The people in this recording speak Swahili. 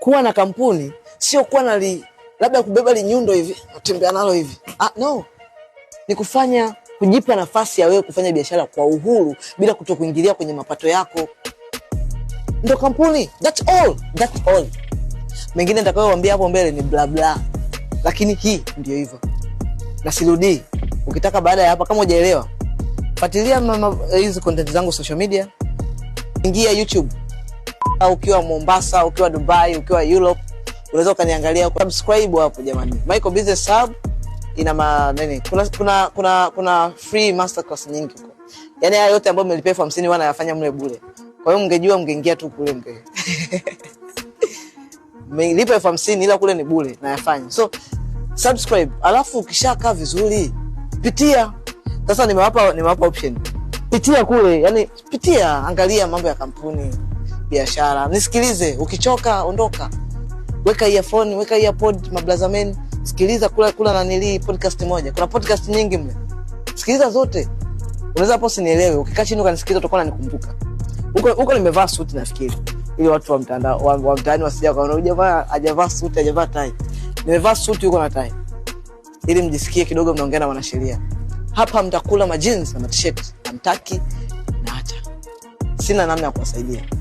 kuwa na kampuni sio kuwa na li, labda kubeba linyundo hivi natembea nalo hivi ah, no ni kufanya kujipa nafasi ya wewe kufanya biashara kwa uhuru bila kutokuingilia kwenye mapato yako, ndo kampuni. That's all. That's all. Mengine nitakayowaambia hapo mbele ni bla bla, lakini hii ndio hivyo, na sirudi. Ukitaka baada ya hapa, kama hujaelewa, fuatilia hizi content zangu social media, ingia YouTube au ukiwa Mombasa, ukiwa Dubai, ukiwa Europe, unaweza ukaniangalia subscribe hapo jamani. Michael Business Hub ina ma nini? Kuna kuna kuna kuna free masterclass nyingi huko. Yaani haya yote ambayo mmelipia elfu hamsini wana yafanya mle bure. Kwa hiyo mngejua mngeingia tu kule mge. Mmelipa elfu hamsini ila kule ni bure na yafanya. So subscribe, alafu ukishakaa vizuri pitia. Sasa nimewapa nimewapa option. Pitia kule, yani pitia angalia mambo ya kampuni biashara. Nisikilize, ukichoka ondoka, weka earphone, weka earpod, mablaza men, sikiliza kula kula na nili podcast moja. Kuna podcast nyingi mle, sikiliza zote. Unaweza hapo sinielewe. ukikaa chini ukanisikiliza utakuwa unanikumbuka. Huko huko nimevaa suti nafikiri, ili watu wa mtandao wa, wa mtaani wasija kaona huyu jamaa hajavaa suti, ajavaa tai. Nimevaa suti huko na tai, ili mjisikie kidogo mnaongea na wanasheria. Hapa mtakula majins na matisheti, hamtaki na hata sina namna ya kuwasaidia.